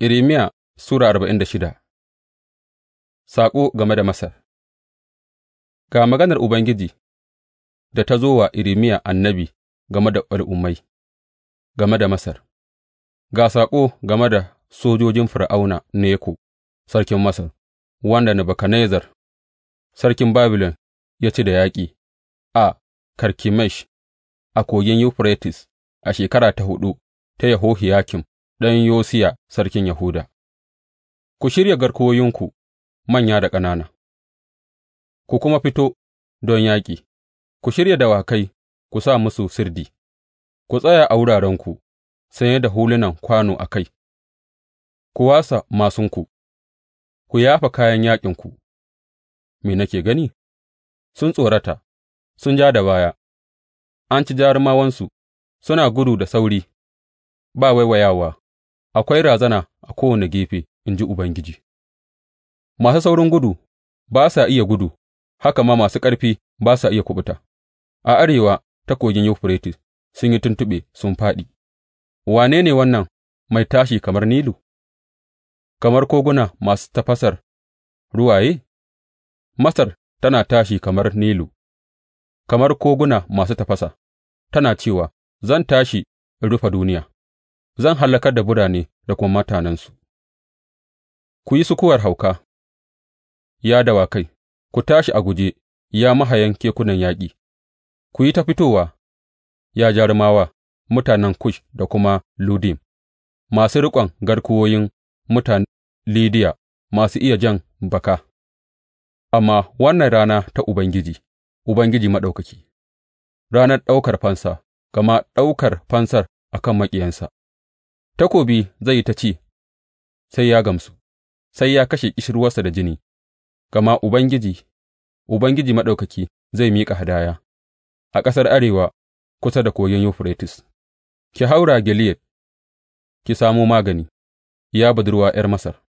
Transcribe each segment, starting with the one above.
Irmiya Sura arba'in da shida Saƙo game da Masar Ga maganar Ubangiji da ta zo wa Irmiya annabi game da al'ummai, game da Masar, ga saƙo game da sojojin Fir'auna Neko, sarkin Masar, wanda Nebuchadnezzar, sarkin Babilon ya ci da yaƙi a Karkimesh a kogin Yuferites a shekara ta hudu ta yakim ɗan Yosiya sarkin Yahuda, Ku shirya garkuwoyinku manya da ƙanana, ku kuma fito don yaƙi, ku shirya dawakai ku sa musu sirdi, ku tsaya a wurarenku sanye da hulunan kwano a kai, ku wasa masunku, ku yafa kayan yaƙinku, me nake gani? Sun tsorata, sun ja da baya, an ci jarumawansu, suna gudu da sauri, ba waiwayawa. Akwai razana a kowane gefe, in ji Ubangiji; masu saurin gudu ba sa iya gudu, haka ma masu ƙarfi ba sa iya kuɓuta a arewa ta Kogin Yuferites sun yi tuntuɓe sun fāɗi Wane ne wannan mai tashi kamar Nilu, kamar koguna masu tafasar ruwaye? Masar tana tashi kamar Nilu, kamar koguna masu tafasa, tana cewa, Zan tashi in rufe duniya. zan hallakar da birane da kuma mutanensu. Ku yi sukuwar hauka, ya dawakai, ku tashi a guje, ya mahayan kekunan yaƙi, ku yi ta fitowa, ya jarumawa, mutanen Kush da kuma Ludim, masu riƙon garkuwoyin mutanen Lidiya, masu iya jan baka. Amma wannan rana ta Ubangiji, Ubangiji Maɗaukaki, ranar ɗaukar fansa, gama ɗaukar fansar a kan maƙiyansa. Takobi zai yi ta ci sai ya gamsu, sai ya kashe ƙishirwarsa da jini, gama Ubangiji, Ubangiji Maɗaukaki zai miƙa hadaya a ƙasar arewa kusa da Kogin Yuferites. Ki haura Gileyad, ki samo magani, ya budurwa ’yar Masar,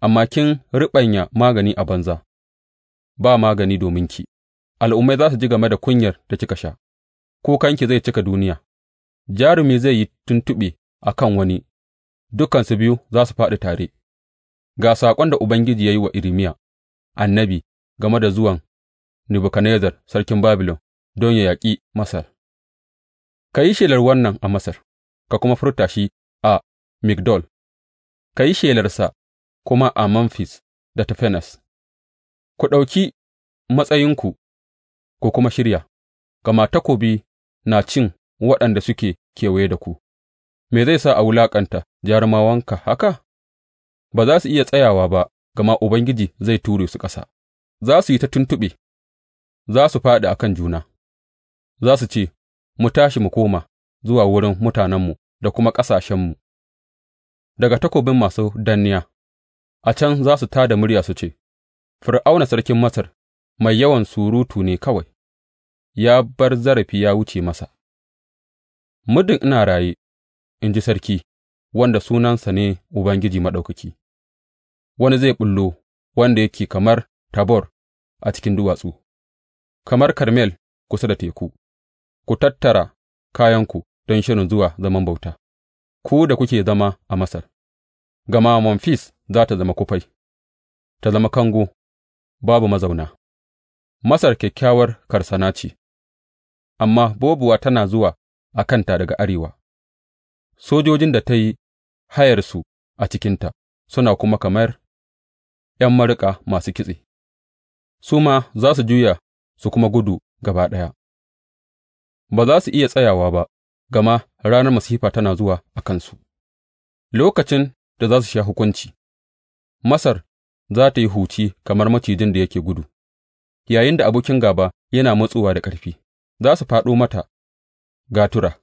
amma kin riɓanya magani a banza, ba magani dominki, al'ummai za su ji game da kunyar da kika sha, kukanki zai cika duniya, jarumi zai yi tuntuɓe a kan wani, dukansu biyu za su fāɗi tare, ga saƙon da Ubangiji ya yi wa Irmiya, annabi game da zuwan Nebukadnezzar sarkin Babilon don ya yaƙi Masar. Ka yi shelar wannan a Masar, ka kuma furta shi a Migdol, ka yi shelarsa kuma a Memphis da Tafenes, ku ɗauki matsayinku ku kuma shirya, gama takobi na cin waɗanda suke kewaye da ku. Me zai sa a wulaƙanta jarumawanka haka? Ba za su iya tsayawa ba, gama Ubangiji zai ture su ƙasa; za su yi ta tuntuɓe, za su fāɗi a kan juna, za su ce, Mu tashi mu koma zuwa wurin mutanenmu da kuma ƙasashenmu, daga takobin masu danniya, a can za su tā da murya su ce, Fir'auna sarkin Masar mai yawan surutu ne kawai, ya bar zarafi ya wuce masa.’ Muddin ina raye, in ji Sarki, wanda sunansa ne Ubangiji Maɗaukaki, wani zai ɓullo wanda yake kamar Tabor a cikin duwatsu, kamar Karmel kusa da teku, ku tattara kayanku don shirin zuwa zaman bauta, ku da kuke zama a Masar, gama Memfis za tă zama kufai, ta zama kango, babu mazauna. Masar kyakkyawar karsana ce, amma bobuwa tana zuwa a kanta daga arewa. sojojin da ta yi hayarsu a cikinta suna kuma kamar ’yan maruƙa masu kitse, su ma za su juya su kuma gudu gaba ɗaya, ba za su iya tsayawa ba, gama ranar masifa tana zuwa a kansu, lokacin da za su sha hukunci, Masar za ta yi huci kamar macijin da yake gudu, Yayin da abokin gaba yana matsowa da ƙarfi, za su faɗo mata gatura.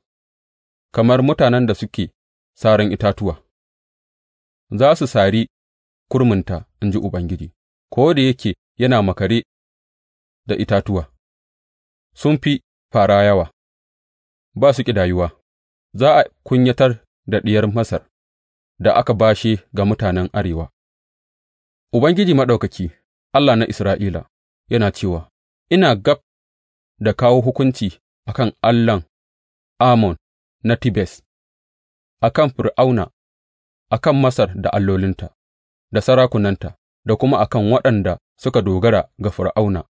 kamar mutanen da suke saran itatuwa, za su sari kurminta, in ji Ubangiji, ko da yake yana makare da itatuwa, sun fi fara yawa, ba su ƙidayuwa, za a kunyatar da ɗiyar Masar da aka bashe ga mutanen arewa. Ubangiji Maɗaukaki, Allah na Isra'ila, yana cewa, Ina gab da kawo hukunci a kan Allahn Amon na Tibes, a kan Fir'auna, a kan Masar da allolinta, da sarakunanta, da kuma a kan waɗanda suka dogara ga Fir'auna,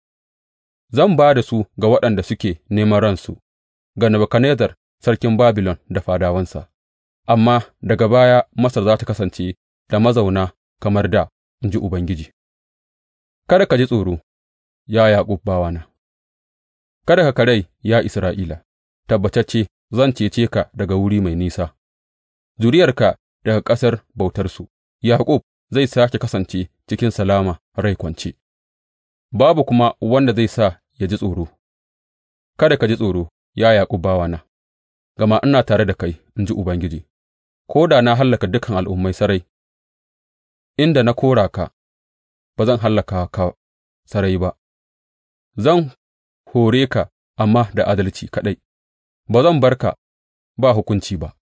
zan ba da su ga waɗanda suke neman ransu, ga Nebuchadnezzar sarkin Babilon da fadawansa, amma daga baya Masar za ta kasance da mazauna kamar da, in ji Ubangiji. Kada ka ji tsoro, ya Yaƙub bawana, kada ka karai, ya Isra'ila, tabbatacce zan cece ka daga wuri mai nisa, zuriyarka daga ƙasar bautarsu, Yaƙub zai sāke kasance cikin salama rai kwance, babu kuma wanda zai sa ya ji tsoro. Kada ka ji tsoro, ya Yaƙub bawana, gama ina tare da kai, in ji Ubangiji, ko da na hallaka dukan al'ummai sarai, inda na kora ka, ba zan hallaka ka sarai ba, zan hore ka amma da adalci kaɗai. ba zan bar ka ba hukunci ba.